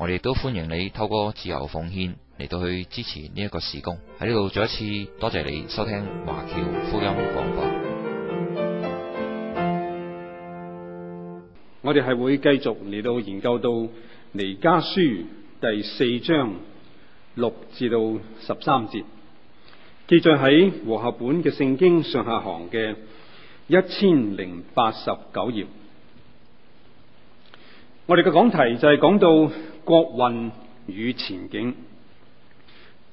我哋都歡迎你透過自由奉獻嚟到去支持呢一個事工。喺呢度再一次多謝你收聽華僑福音廣播。我哋係會繼續嚟到研究到彌迦書第四章六至到十三節，記載喺和合本嘅聖經上下行嘅一千零八十九頁。我哋嘅講題就係講到國運與前景。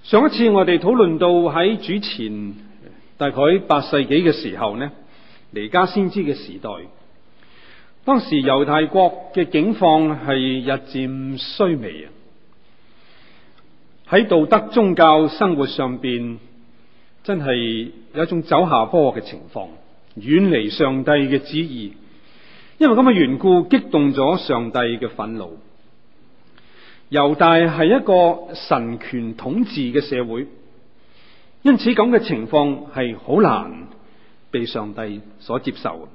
上一次我哋討論到喺主前大概八世紀嘅時候呢，彌迦先知嘅時代，當時猶太國嘅境況係日漸衰微啊！喺道德宗教生活上面，真係有一種走下坡嘅情況，遠離上帝嘅旨意。因為咁嘅緣故，激動咗上帝嘅憤怒。猶大係一個神權統治嘅社會，因此咁嘅情況係好難被上帝所接受。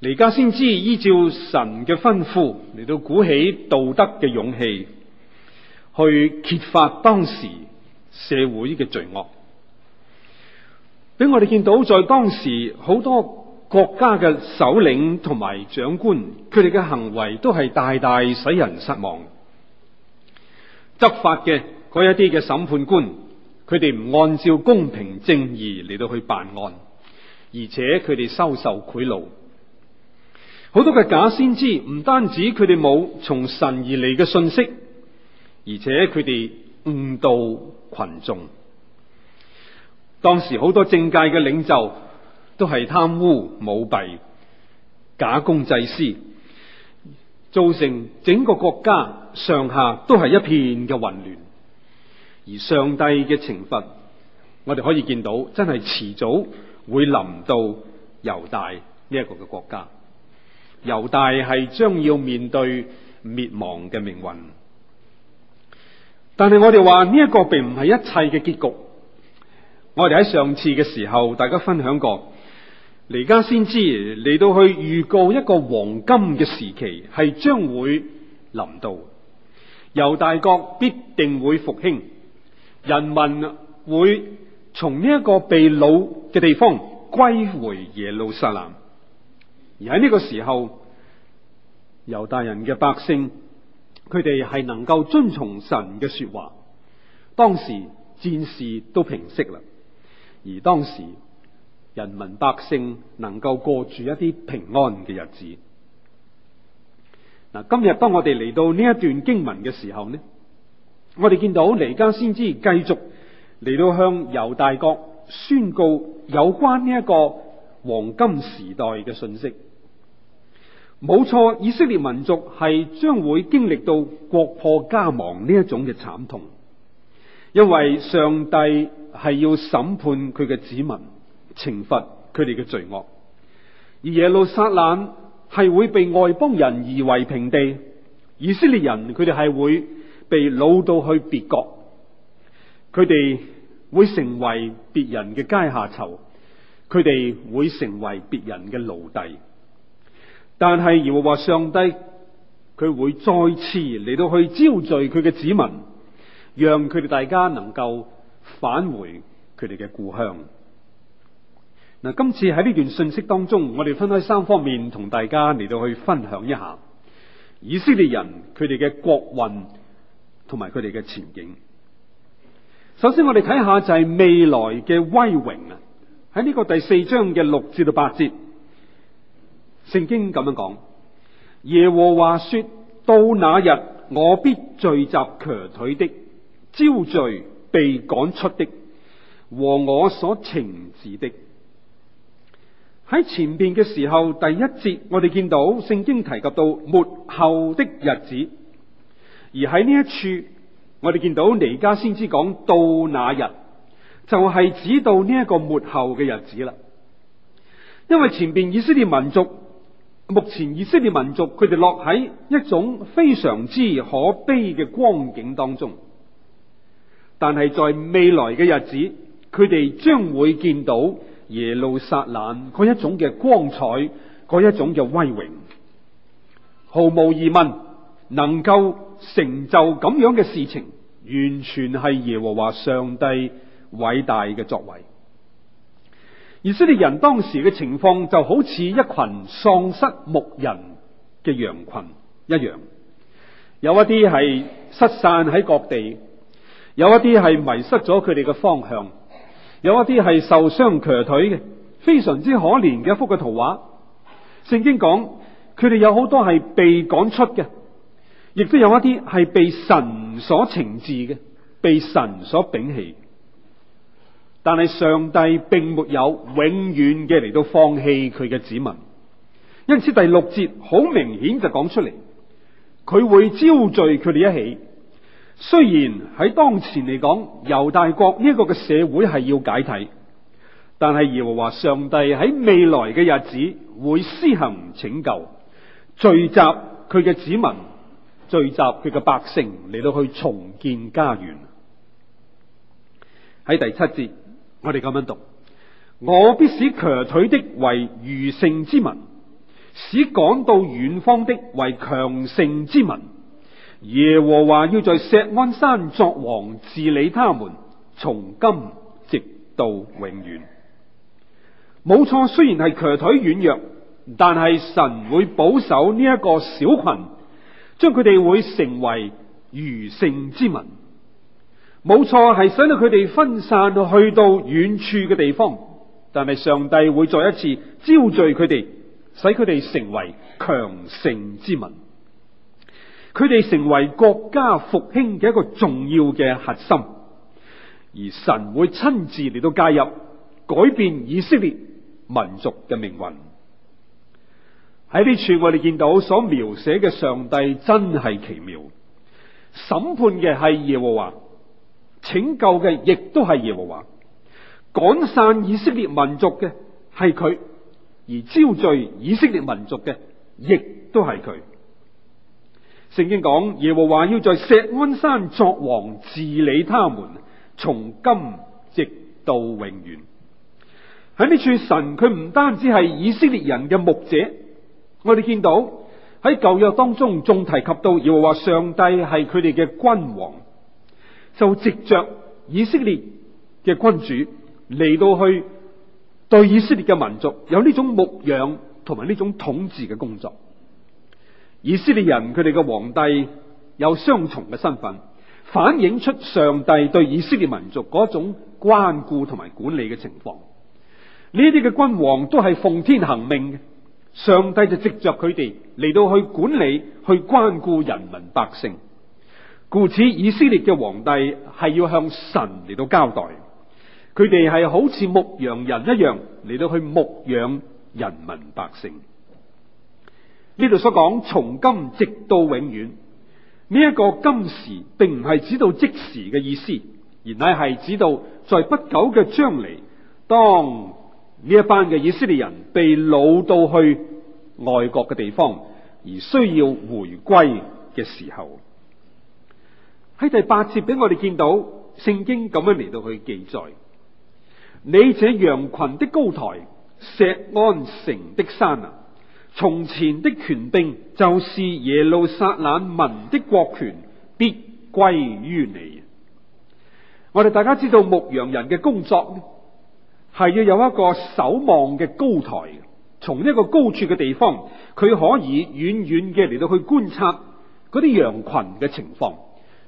彌迦先知依照神嘅吩咐嚟到鼓起道德嘅勇氣，去揭發當時社會嘅罪惡，俾我哋見到在當時好多。國家嘅首領同埋長官，佢哋嘅行為都係大大使人失望的。執法嘅嗰一啲嘅審判官，佢哋唔按照公平正義嚟到去辦案，而且佢哋收受賄賂。好多嘅假先知，唔單止佢哋冇從神而嚟嘅信息，而且佢哋誤導群眾。當時好多政界嘅領袖。都係貪污、舞弊、假公濟私，造成整個國家上下都係一片嘅混亂。而上帝嘅懲罰，我哋可以見到，真係遲早會臨到猶大呢一個嘅國家。猶大係將要面對滅亡嘅命運。但係我哋話呢一個並唔係一切嘅結局。我哋喺上次嘅時候，大家分享過。而家先知嚟到去預告一個黃金嘅時期係將會臨到，猶大國必定會復興，人民會從呢一個被擄嘅地方歸回耶路撒冷，而喺呢個時候，猶大人嘅百姓，佢哋係能夠遵從神嘅說話，當時戰事都平息啦，而當時。人民百姓能夠過住一啲平安嘅日子。嗱，今日當我哋嚟到呢一段經文嘅時候呢，我哋見到彌迦先知繼續嚟到向猶大國宣告有關呢一個黃金時代嘅信息。冇錯，以色列民族係將會經歷到國破家亡呢一種嘅慘痛，因為上帝係要審判佢嘅子民。懲罰佢哋嘅罪惡，而耶路撒冷係會被外邦人夷為平地，以色列人佢哋係會被擄到去別國，佢哋會成為別人嘅階下囚，佢哋會成為別人嘅奴隸。但係耶和華上帝佢會再次嚟到去招聚佢嘅子民，讓佢哋大家能夠返回佢哋嘅故鄉。嗱，今次喺呢段信息當中，我哋分開三方面同大家嚟到去分享一下以色列人佢哋嘅國運同埋佢哋嘅前景。首先，我哋睇下就係未來嘅威榮啊。喺呢個第四章嘅六至到八節，聖經咁樣講：耶和華說到那日，我必聚集瘸腿的、招聚被趕出的和我所懲治的。喺前邊嘅時候，第一節我哋見到聖經提及到末後的日子，而喺呢一處我哋見到彌迦先知講到那日，就係、是、指到呢一個末後嘅日子啦。因為前邊以色列民族，目前以色列民族佢哋落喺一種非常之可悲嘅光景當中，但係在未來嘅日子，佢哋將會見到。耶路撒冷嗰一種嘅光彩，嗰一種嘅威榮，毫無疑問能夠成就咁樣嘅事情，完全係耶和華上帝偉大嘅作為。以色列人當時嘅情況就好似一群喪失牧人嘅羊群一樣，有一啲係失散喺各地，有一啲係迷失咗佢哋嘅方向。有一啲係受傷瘸腿嘅，非常之可憐嘅一幅嘅圖畫。聖經講佢哋有好多係被趕出嘅，亦都有一啲係被神所懲治嘅，被神所摒棄。但係上帝並沒有永遠嘅嚟到放棄佢嘅子民，因此第六節好明顯就講出嚟，佢會招聚佢哋一起。雖然喺當前嚟講，猶大國呢個嘅社會係要解體，但係耶和華上帝喺未來嘅日子會施行拯救，聚集佢嘅子民，聚集佢嘅百姓嚟到去重建家園。喺第七節，我哋咁樣讀：我必使瘸腿的為餘剩之民，使趕到遠方的為強盛之民。耶和華要在錫安山作王治理他們，從今直到永遠。冇錯，雖然係瘸腿軟弱，但係神會保守呢一個小群，將佢哋會成為餘剩之民。冇錯，係使到佢哋分散去到遠處嘅地方，但係上帝會再一次招聚佢哋，使佢哋成為強盛之民。佢哋成為國家復興嘅一個重要嘅核心，而神會親自嚟到加入，改變以色列民族嘅命運。喺呢處我哋見到所描寫嘅上帝真係奇妙，審判嘅係耶和華，拯救嘅亦都係耶和華，趕散以色列民族嘅係佢，而招聚以色列民族嘅亦都係佢。聖經講，耶和華要在錫安山作王治理他們，從今直到永遠。喺呢處神，神佢唔單止係以色列人嘅牧者，我哋見到喺舊約當中仲提及到，耶和華上帝係佢哋嘅君王，就藉着以色列嘅君主嚟到去對以色列嘅民族有呢種牧養同埋呢種統治嘅工作。以色列人佢哋嘅皇帝有雙重嘅身份，反映出上帝對以色列民族嗰種關顧同埋管理嘅情況。呢啲嘅君王都係奉天行命嘅，上帝就藉着佢哋嚟到去管理、去關顧人民百姓。故此，以色列嘅皇帝係要向神嚟到交代，佢哋係好似牧羊人一樣嚟到去牧養人民百姓。呢度所講從今直到永遠，呢一個今時並唔係指到即時嘅意思，而乃係指到在不久嘅將來，當呢一班嘅以色列人被擄到去外國嘅地方，而需要回歸嘅時候，喺第八節俾我哋見到聖經咁樣嚟到去記載，你這羊群的高台，錫安城的山啊！從前的權柄就是耶路撒冷民的國權，必歸於你。我哋大家知道牧羊人嘅工作呢，係要有一個守望嘅高台，從一個高處嘅地方，佢可以遠遠嘅嚟到去觀察嗰啲羊群嘅情況，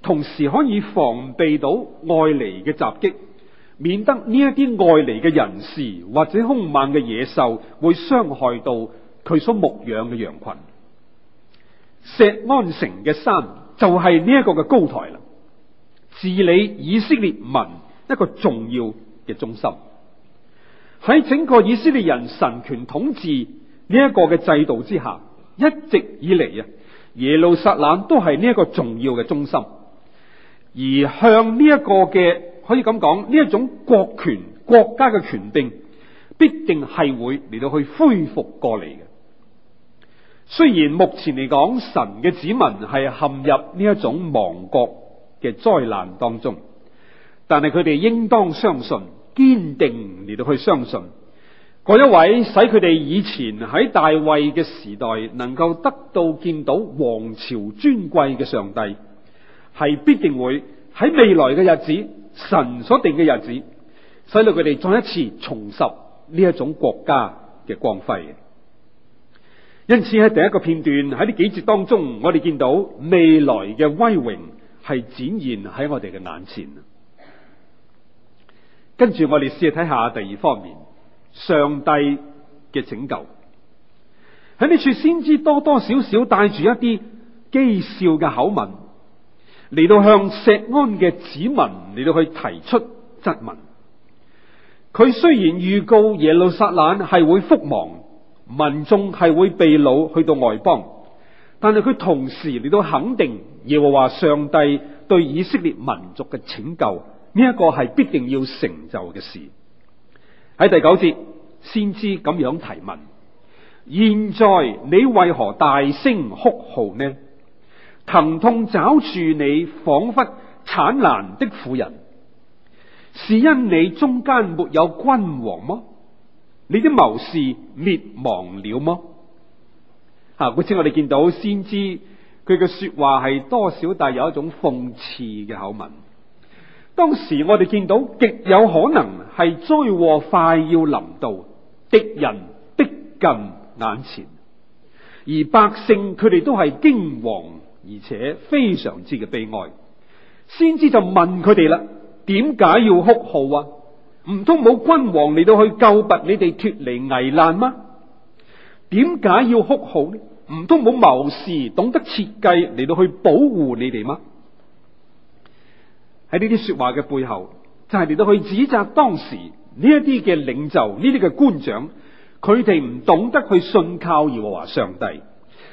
同時可以防備到外嚟嘅襲擊，免得呢一啲外嚟嘅人士或者凶猛嘅野獸會傷害到。佢所牧養嘅羊群，錫安城嘅山就係呢一個嘅高台啦，治理以色列民一個重要嘅中心。喺整個以色列人神權統治呢一個嘅制度之下，一直以嚟啊，耶路撒冷都係呢一個重要嘅中心，而向呢一個嘅可以咁講，呢一種國權國家嘅權柄必定係會嚟到去恢復過嚟嘅。雖然目前嚟講，神嘅子民係陷入呢一種亡國嘅災難當中，但係佢哋應當相信、堅定嚟到去相信嗰一位使佢哋以前喺大衛嘅時代能夠得到見到王朝尊貴嘅上帝，係必定會喺未來嘅日子，神所定嘅日子，使到佢哋再一次重拾呢一種國家嘅光輝。因此喺第一個片段，喺呢幾節當中，我哋見到未來嘅威榮係展現喺我哋嘅眼前。跟住我哋試睇下第二方面，上帝嘅拯救。喺呢處，先知多多少少帶住一啲譏笑嘅口吻嚟到向錫安嘅子民嚟到去提出質問。佢雖然預告耶路撒冷係會覆亡。民眾係會被擄去到外邦，但係佢同時亦都肯定耶和華上帝對以色列民族嘅拯救，呢一個係必定要成就嘅事。喺第九節先知咁樣提問：「現在你為何大聲哭號？呢？疼痛抓住你，仿佛慘難的婦人，是因你中間沒有君王嗎？」你啲謀士滅亡了嗎？啊，故此我哋見到先知佢嘅說話係多少帶有一種諷刺嘅口吻。當時我哋見到極有可能係災禍快要臨到，敵人逼近眼前，而百姓佢哋都係驚惶，而且非常之嘅悲哀。先知就問佢哋啦，點解要哭號啊？唔通冇君王嚟到去救拔你哋脫離危難嗎？點解要哭號呢？唔通冇謀士懂得設計嚟到去保護你哋嗎？喺呢啲說話嘅背後，就係、是、嚟到去指責當時呢一啲嘅領袖、呢啲嘅官長，佢哋唔懂得去信靠耶和華上帝，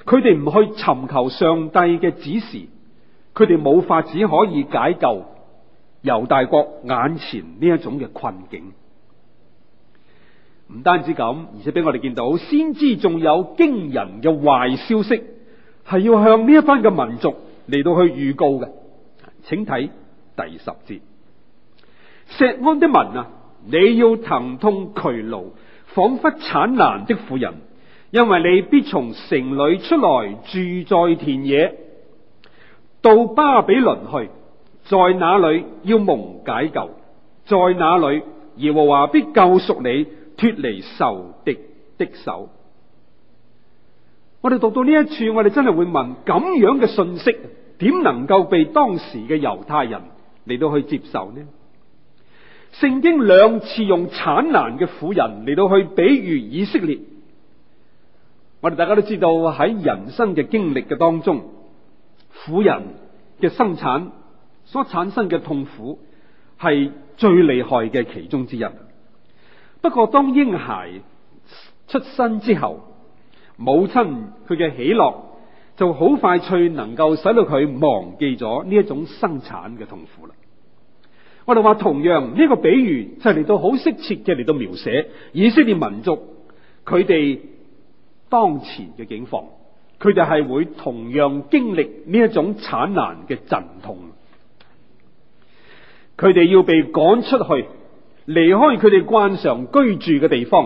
佢哋唔去尋求上帝嘅指示，佢哋冇法子可以解救。猶大國眼前呢一種嘅困境，唔單止咁，而且俾我哋見到先知仲有驚人嘅壞消息，係要向呢一班嘅民族嚟到去預告嘅，請睇第十節，錫安的民啊，你要疼痛劬勞，仿佛產難的婦人，因為你必從城裏出來，住在田野，到巴比倫去。在哪裏要蒙解救？在哪裏，耶和華必救贖你，脱離仇敵的手。我哋讀到呢一處，我哋真係會問：咁樣嘅信息點能夠被當時嘅猶太人嚟到去接受呢？聖經兩次用產難嘅婦人嚟到去比喻以色列。我哋大家都知道喺人生嘅經歷嘅當中，婦人嘅生產。所產生嘅痛苦係最厲害嘅其中之一。不過，當嬰孩出生之後，母親佢嘅喜樂就好快脆，能夠使到佢忘記咗呢一種生產嘅痛苦啦。我哋話同樣呢個比喻就係嚟到好適切嘅嚟到描寫以色列民族佢哋當前嘅境況，佢哋係會同樣經歷呢一種產難嘅陣痛。佢哋要被趕出去，離開佢哋慣常居住嘅地方，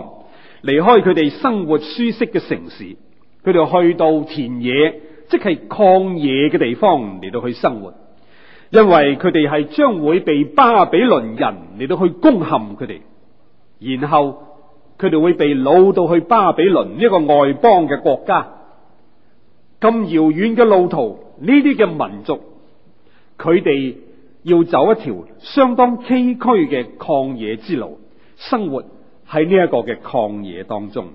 離開佢哋生活舒適嘅城市，佢哋去到田野，即係曠野嘅地方嚟到去生活，因為佢哋係將會被巴比倫人嚟到去攻陷佢哋，然後佢哋會被擄到去巴比倫呢個外邦嘅國家，咁遙遠嘅路途，呢啲嘅民族，佢哋。要走一條相當崎嶇嘅曠野之路，生活喺呢一個嘅曠野當中，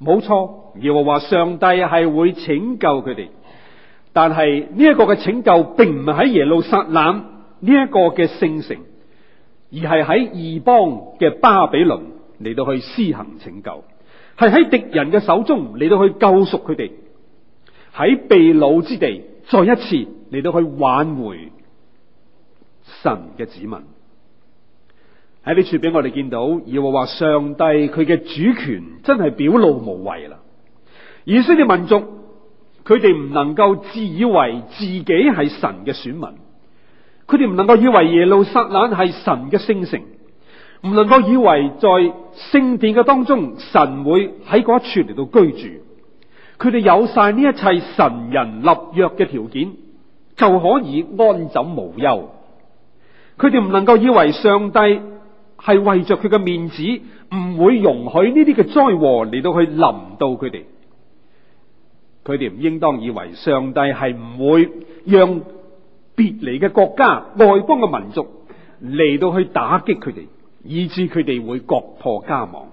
冇錯。要我話上帝係會拯救佢哋，但係呢一個嘅拯救並唔係喺耶路撒冷呢一個嘅聖城，而係喺異邦嘅巴比倫嚟到去施行拯救，係喺敵人嘅手中嚟到去救贖佢哋，喺被擄之地再一次嚟到去挽回。神嘅子民喺呢處俾我哋見到，而我話上帝佢嘅主權真係表露無遺啦。以色列民族佢哋唔能夠自以為自己係神嘅選民，佢哋唔能夠以為耶路撒冷係神嘅聖城，唔能夠以為在聖殿嘅當中神會喺嗰一處嚟到居住。佢哋有晒呢一切神人立約嘅條件，就可以安枕無憂。佢哋唔能夠以為上帝係為着佢嘅面子，唔會容許呢啲嘅災禍嚟到去臨到佢哋。佢哋唔應當以為上帝係唔會讓別離嘅國家、外邦嘅民族嚟到去打擊佢哋，以致佢哋會國破家亡。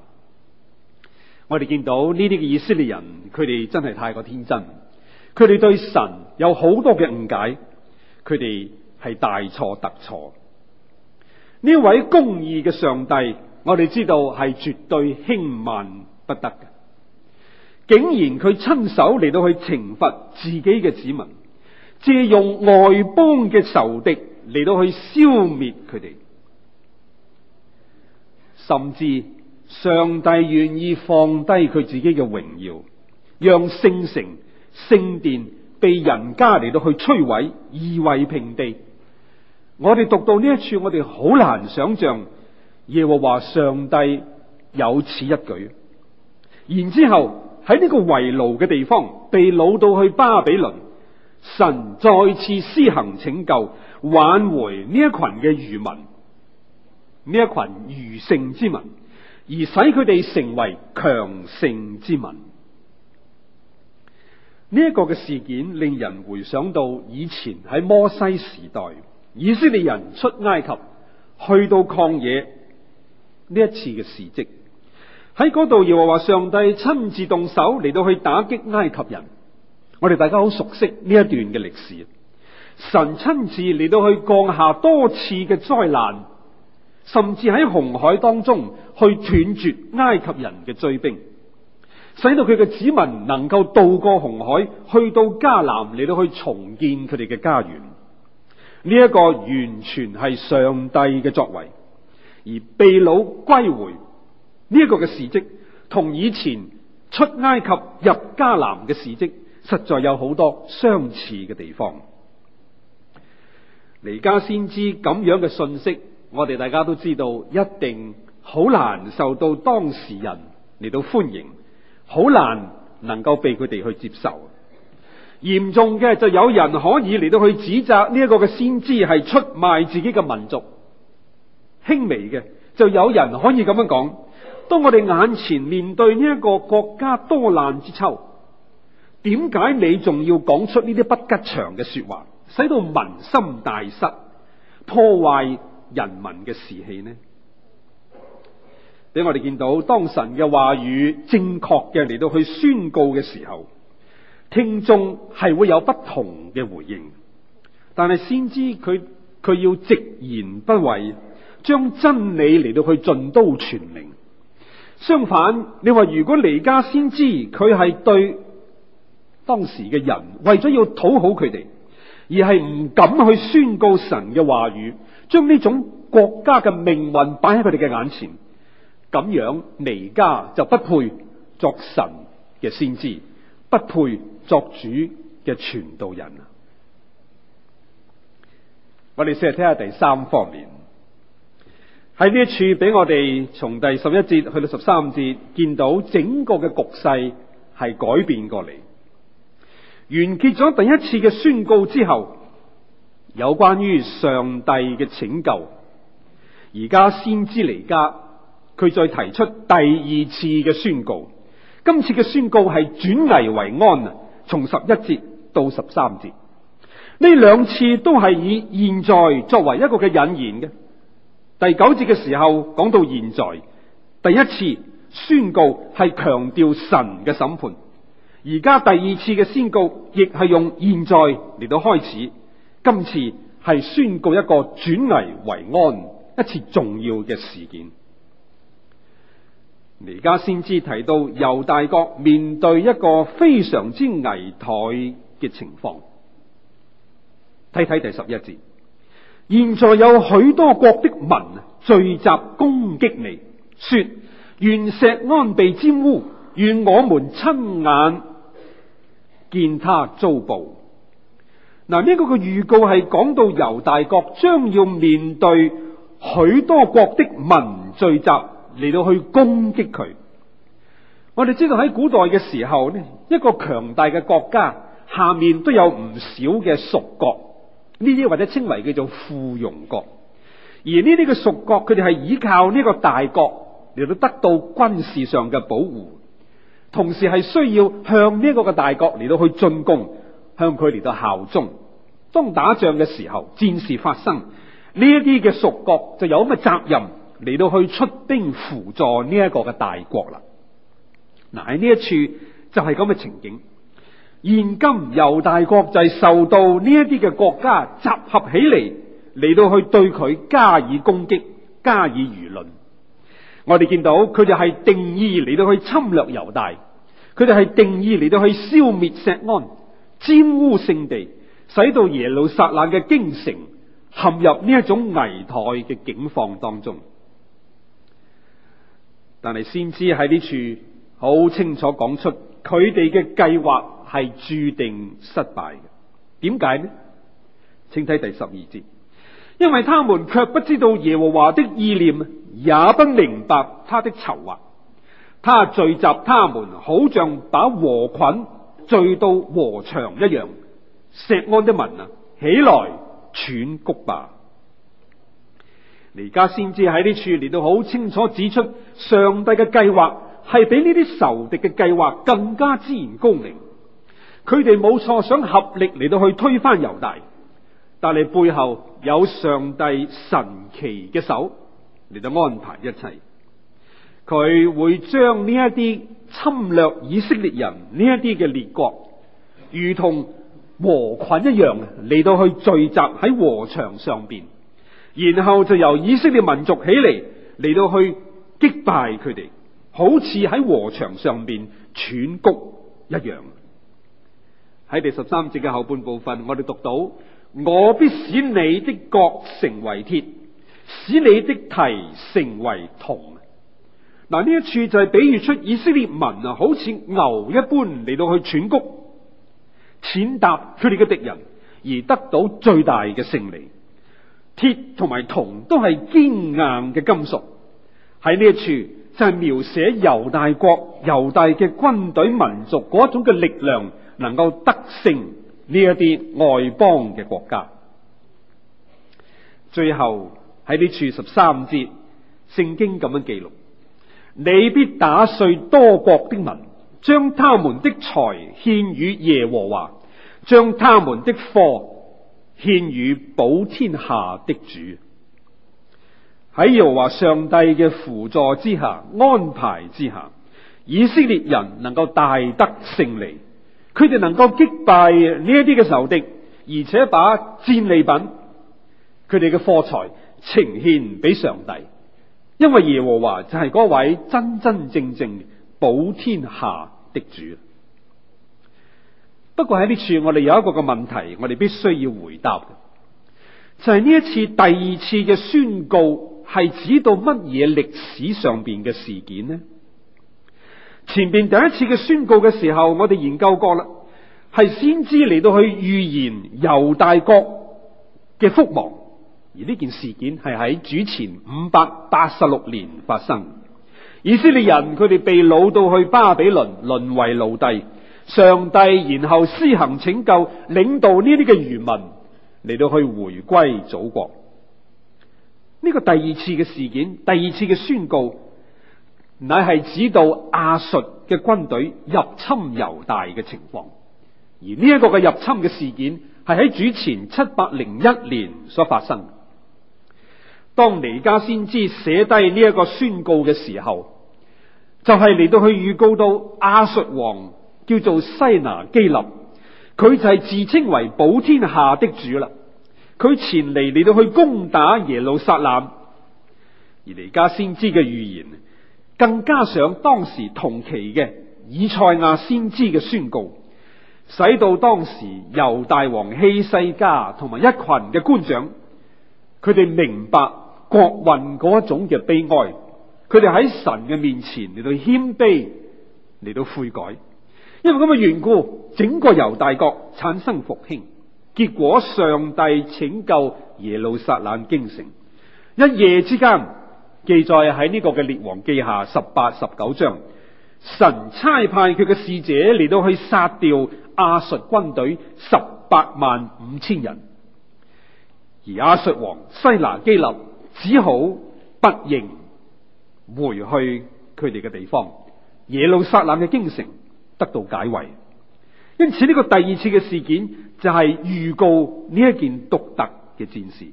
我哋見到呢啲嘅以色列人，佢哋真係太過天真，佢哋對神有好多嘅誤解，佢哋係大錯特錯。呢位公義嘅上帝，我哋知道係絕對輕慢不得嘅。竟然佢親手嚟到去懲罰自己嘅子民，借用外邦嘅仇敵嚟到去消滅佢哋，甚至上帝願意放低佢自己嘅榮耀，讓聖城、聖殿被人家嚟到去摧毀，夷為平地。我哋讀到呢一處，我哋好難想象耶和華上帝有此一舉。然之後喺呢個圍奴嘅地方，被擄到去巴比倫，神再次施行拯救，挽回呢一群嘅餘民，呢一群餘剩之民，而使佢哋成為強盛之民。呢一個嘅事件令人回想到以前喺摩西時代。以色列人出埃及去到曠野呢一次嘅事蹟，喺嗰度又話話上帝親自動手嚟到去打擊埃及人。我哋大家好熟悉呢一段嘅歷史，神親自嚟到去降下多次嘅災難，甚至喺紅海當中去斷絕埃及人嘅追兵，使到佢嘅子民能夠渡過紅海，去到迦南嚟到去重建佢哋嘅家園。呢、這、一個完全係上帝嘅作為，而被擄歸回呢一、這個嘅事跡，同以前出埃及入迦南嘅事跡，實在有好多相似嘅地方。彌迦先知咁樣嘅信息，我哋大家都知道，一定好難受到當事人嚟到歡迎，好難能夠被佢哋去接受。嚴重嘅就有人可以嚟到去指責呢一個嘅先知係出賣自己嘅民族；輕微嘅就有人可以咁樣講。當我哋眼前面對呢一個國家多難之秋，點解你仲要講出呢啲不吉祥嘅說話，使到民心大失，破壞人民嘅士氣呢？俾我哋見到，當神嘅話語正確嘅嚟到去宣告嘅時候，聽眾係會有不同嘅回應，但係先知佢，佢要直言不諱，將真理嚟到去盡都傳明。相反，你話如果彌迦先知佢係對當時嘅人，為咗要討好佢哋，而係唔敢去宣告神嘅話語，將呢種國家嘅命運擺喺佢哋嘅眼前，咁樣彌迦就不配作神嘅先知，不配。作主嘅傳道人啊！我哋先嚟聽下第三方面喺呢處俾我哋從第十一節去到十三節見到整個嘅局勢係改變過嚟，完結咗第一次嘅宣告之後，有關於上帝嘅拯救。而家先知離家，佢再提出第二次嘅宣告。今次嘅宣告係轉危為安啊！從十一節到十三節，呢兩次都係以現在作為一個嘅引言。嘅第九節嘅時候講到現在，第一次宣告係強調神嘅審判，而家第二次嘅宣告亦係用現在嚟到開始。今次係宣告一個轉危為安，一次重要嘅事件。而家先知提到猶大國面對一個非常之危殆嘅情況，睇睇第十一節。現在有許多國的民聚集攻擊你，說願錫安被沾污，願我們親眼見他遭報。嗱、這、呢個嘅預告係講到猶大國將要面對許多國的民聚集。嚟到去攻擊佢，我哋知道喺古代嘅時候咧，一個強大嘅國家下面都有唔少嘅屬國，呢啲或者稱為叫做附庸國。而呢啲嘅屬國，佢哋係依靠呢個大國嚟到得到軍事上嘅保護，同時係需要向呢一個嘅大國嚟到去進攻，向佢嚟到效忠。當打仗嘅時候，戰事發生，呢一啲嘅屬國就有咁嘅責任。嚟到去出兵扶助呢一個嘅大國啦。嗱，呢一處就係咁嘅情景。現今猶大國就係受到呢一啲嘅國家集合起嚟嚟到去對佢加以攻擊、加以輿論。我哋見到佢哋係定義嚟到去侵略猶大，佢哋係定義嚟到去消滅錫安、玷污聖地，使到耶路撒冷嘅京城陷入呢一種危殆嘅境況當中。但係先知喺呢處好清楚講出佢哋嘅計劃係注定失敗嘅。點解呢？請睇第十二節，因為他們卻不知道耶和華的意念，也不明白他的籌劃。他聚集他們，好像把禾捆聚到禾場一樣。錫安的民啊，起來踹穀吧！彌迦先知喺呢處，嚟到好清楚指出，上帝嘅計劃係比呢啲仇敵嘅計劃更加自然高明。佢哋冇錯，想合力嚟到去推翻猶大，但係背後有上帝神奇嘅手嚟到安排一切。佢會將呢一啲侵略以色列人呢一啲嘅列國，如同禾捆一樣嚟到去聚集喺禾場上邊。然後就由以色列民族起嚟，嚟到去擊敗佢哋，好似喺禾場上面喘谷一樣。喺第十三節嘅後半部分，我哋讀到：我必使你的角成為鐵，使你的蹄成為銅。嗱，呢一處就係比喻出以色列民啊，好似牛一般嚟到去喘谷，踐踏佢哋嘅敵人，而得到最大嘅勝利。鐵同埋銅都係堅硬嘅金屬，喺呢一處就係描寫猶大國猶大嘅軍隊民族嗰種嘅力量，能夠得勝呢一啲外邦嘅國家。最後喺呢處十三節，聖經咁樣記錄：你必打碎多國的民，將他們的財獻于耶和華，將他們的貨。獻與保天下的主，喺耶和華上帝嘅輔助之下、安排之下，以色列人能夠大得勝利，佢哋能夠擊敗呢一啲嘅仇敵，而且把戰利品，佢哋嘅貨財呈獻俾上帝，因為耶和華就係嗰位真真正正保天下的主。不過喺呢處，我哋有一個嘅問題，我哋必須要回答嘅，就係呢一次第二次嘅宣告係指到乜嘢歷史上邊嘅事件呢？前邊第一次嘅宣告嘅時候，我哋研究過啦，係先知嚟到去預言猶大國嘅覆亡，而呢件事件係喺主前五百八十六年發生，以色列人佢哋被擄到去巴比倫，淪為奴隸。上帝，然後施行拯救，領導呢啲嘅漁民嚟到去回歸祖國。呢、這個第二次嘅事件，第二次嘅宣告，乃係指到亞述嘅軍隊入侵猶大嘅情況。而呢一個嘅入侵嘅事件，係喺主前七百零一年所發生。當彌迦先知寫低呢一個宣告嘅時候，就係、是、嚟到去預告到亞述王。叫做西拿基立，佢就係自稱為保天下的主啦。佢前嚟，嚟到去攻打耶路撒冷，而彌迦先知嘅預言，更加上當時同期嘅以賽亞先知嘅宣告，使到當時猶大王希西家同埋一群嘅官長，佢哋明白國運嗰一種嘅悲哀，佢哋喺神嘅面前嚟到謙卑嚟到悔改。因為咁嘅緣故，整個猶大國產生復興，結果上帝拯救耶路撒冷京城，一夜之間，記載喺呢個嘅列王記下十八十九章，神差派佢嘅使者嚟到去殺掉亞述軍隊十八萬五千人，而亞述王西拿基立只好不應回去佢哋嘅地方，耶路撒冷嘅京城。得到解圍，因此呢個第二次嘅事件就係預告呢一件獨特嘅戰事。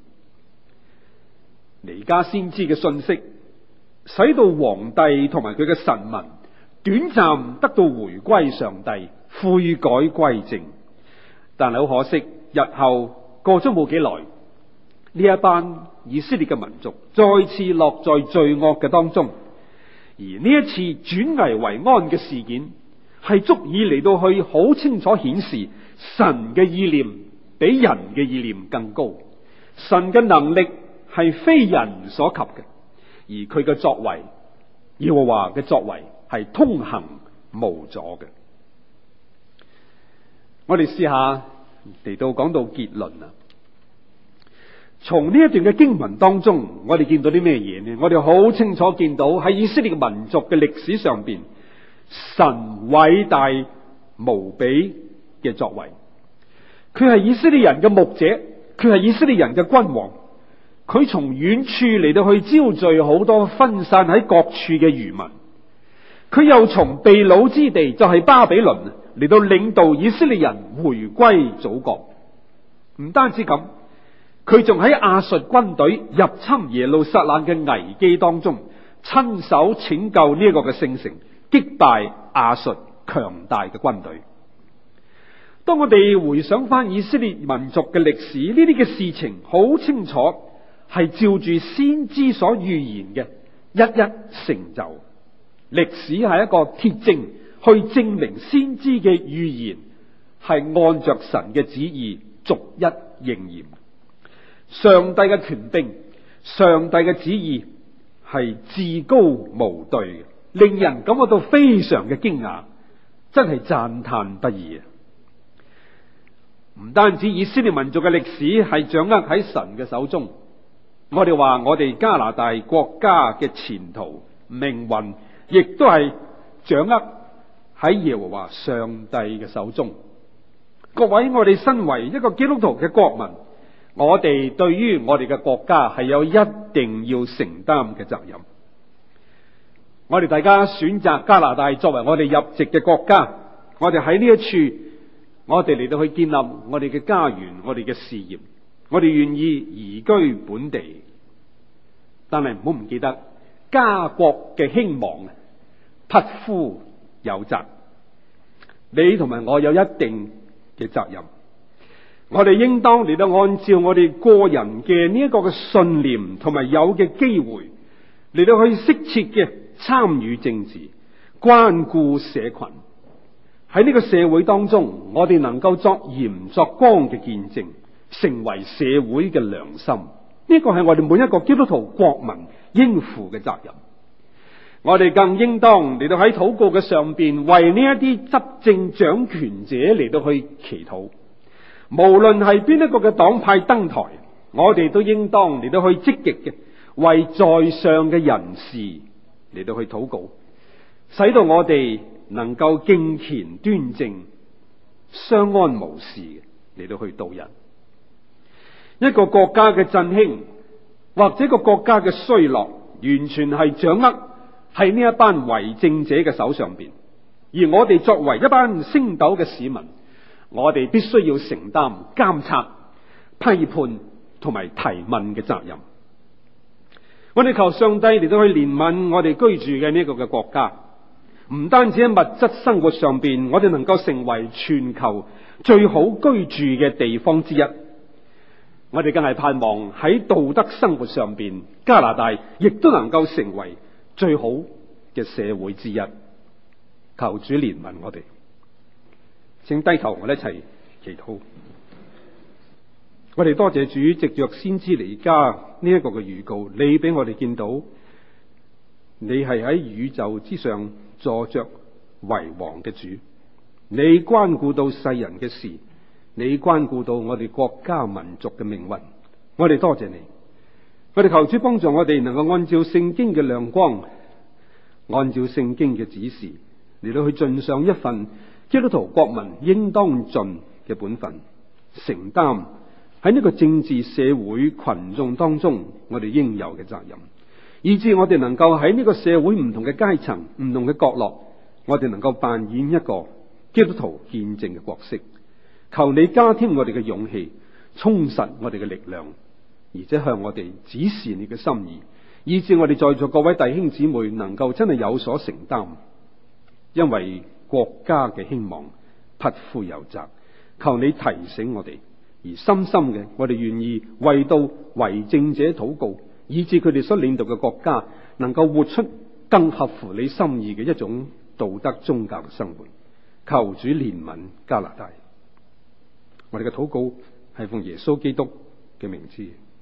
彌迦先知嘅信息，使到皇帝同埋佢嘅臣民短暫得到回歸上帝、悔改歸正。但係好可惜，日後過咗冇幾耐，呢一班以色列嘅民族再次落在罪惡嘅當中。而呢一次轉危為安嘅事件。係足以嚟到去，好清楚顯示神嘅意念比人嘅意念更高，神嘅能力係非人所及嘅，而佢嘅作為，要話嘅作為係通行無阻嘅。我哋試一下嚟到講到結論啊！從呢一段嘅經文當中，我哋見到啲咩嘢呢？我哋好清楚見到喺以色列民族嘅歷史上邊。神偉大無比嘅作為，佢係以色列人嘅牧者，佢係以色列人嘅君王。佢從遠處嚟到去招聚好多分散喺各處嘅餘民，佢又從被擄之地，就係巴比倫嚟到領導以色列人回歸祖國。唔單止咁，佢仲喺亞述軍隊入侵耶路撒冷嘅危機當中，親手拯救呢一個嘅聖城。擊敗亞述強大嘅軍隊。當我哋回想返以色列民族嘅歷史，呢啲嘅事情好清楚係照住先知所預言嘅一一成就。歷史係一個鐵證，去證明先知嘅預言係按着神嘅旨意逐一應驗。上帝嘅權柄，上帝嘅旨意係至高無對嘅。令人感覺到非常嘅驚訝，真係讚嘆不已。唔單止以色列民族嘅歷史係掌握喺神嘅手中，我哋話我哋加拿大國家嘅前途、命運，亦都係掌握喺耶和華上帝嘅手中。各位，我哋身為一個基督徒嘅國民，我哋對於我哋嘅國家係有一定要承擔嘅責任。我哋大家選擇加拿大作為我哋入籍嘅國家，我哋喺呢一處，我哋嚟到去建立我哋嘅家園，我哋嘅事業，我哋願意移居本地，但係唔好唔記得家國嘅興亡，匹夫有責。你同埋我有一定嘅責任，我哋應當嚟到按照我哋個人嘅呢一個嘅信念，同埋有嘅機會嚟到去適切嘅。參與政治，關顧社群。喺呢個社會當中，我哋能夠作鹽作光嘅見證，成為社會嘅良心。呢個係我哋每一個基督徒國民應負嘅責任。我哋更應當嚟到喺禱告嘅上邊，為呢一啲執政掌權者嚟到去祈禱。無論係邊一個嘅黨派登台，我哋都應當嚟到去積極嘅，為在上嘅人士。嚟到去禱告，使到我哋能夠敬虔端正、相安無事嘅嚟到去度日。一個國家嘅振興或者個國家嘅衰落，完全係掌握喺呢一班為政者嘅手上邊。而我哋作為一班升斗嘅市民，我哋必須要承擔監察、批判同埋提問嘅責任。我哋求上帝嚟到去憐憫我哋居住嘅呢個嘅國家，唔單止喺物質生活上邊，我哋能夠成為全球最好居住嘅地方之一。我哋更係盼望喺道德生活上邊，加拿大亦都能夠成為最好嘅社會之一。求主憐憫我哋，請低頭，我哋一齊祈禱。我哋多謝主藉着先知彌迦呢一個嘅預告，你俾我哋見到，你係喺宇宙之上坐着為王嘅主，你關顧到世人嘅事，你關顧到我哋國家民族嘅命運。我哋多謝你，我哋求主幫助我哋，能夠按照聖經嘅亮光，按照聖經嘅指示嚟到去盡上一份基督徒國民應當盡嘅本分，承擔。喺呢個政治社會群眾當中，我哋應有嘅責任，以致我哋能夠喺呢個社會唔同嘅階層、唔同嘅角落，我哋能夠扮演一個基督徒見證嘅角色。求你加添我哋嘅勇氣，充實我哋嘅力量，而且向我哋指示你嘅心意，以致我哋在座各位弟兄姊妹能夠真係有所承擔，因為國家嘅希望匹夫有責。求你提醒我哋。而深深嘅，我哋願意為到為政者禱告，以致佢哋所領導嘅國家能夠活出更合乎你心意嘅一種道德宗教嘅生活。求主憐憫加拿大，我哋嘅禱告係奉耶穌基督嘅名字。